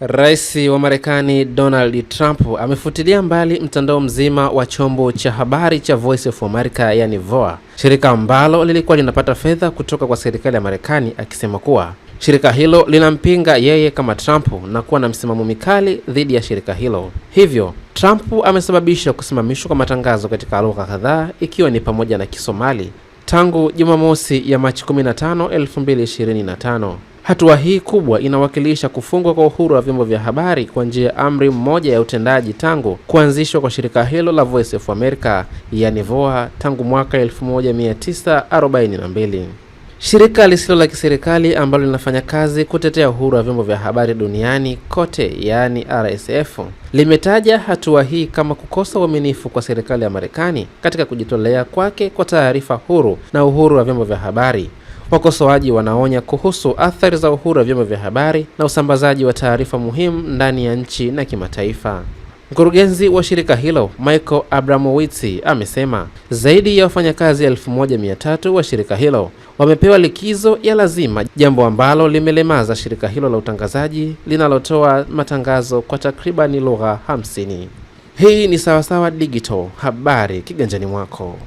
Rais wa Marekani Donald Trump amefutilia mbali mtandao mzima wa chombo cha habari cha Voice of America yani VOA, shirika ambalo lilikuwa linapata fedha kutoka kwa serikali ya Marekani, akisema kuwa shirika hilo linampinga yeye kama Trump na kuwa na msimamo mikali dhidi ya shirika hilo. Hivyo Trump amesababisha kusimamishwa kwa matangazo katika lugha kadhaa ikiwa ni pamoja na Kisomali tangu Jumamosi ya Machi 15, 2025. Hatua hii kubwa inawakilisha kufungwa kwa uhuru wa vyombo vya habari kwa njia ya amri mmoja ya utendaji tangu kuanzishwa kwa shirika hilo la Voice of America, yani VOA, tangu mwaka 1942. Shirika lisilo la kiserikali ambalo linafanya kazi kutetea uhuru wa vyombo vya habari duniani kote, yaani RSF, limetaja hatua hii kama kukosa uaminifu kwa serikali ya Marekani katika kujitolea kwake kwa taarifa huru na uhuru wa vyombo vya habari Wakosoaji wanaonya kuhusu athari za uhuru wa vyombo vya habari na usambazaji wa taarifa muhimu ndani ya nchi na kimataifa. Mkurugenzi wa shirika hilo Michael Abramowitz amesema zaidi ya wafanyakazi elfu wa shirika hilo wamepewa likizo ya lazima, jambo ambalo limelemaza shirika hilo la utangazaji linalotoa matangazo kwa takribani lugha hamsini. Hii ni Sawasawa Digital, habari kiganjani mwako.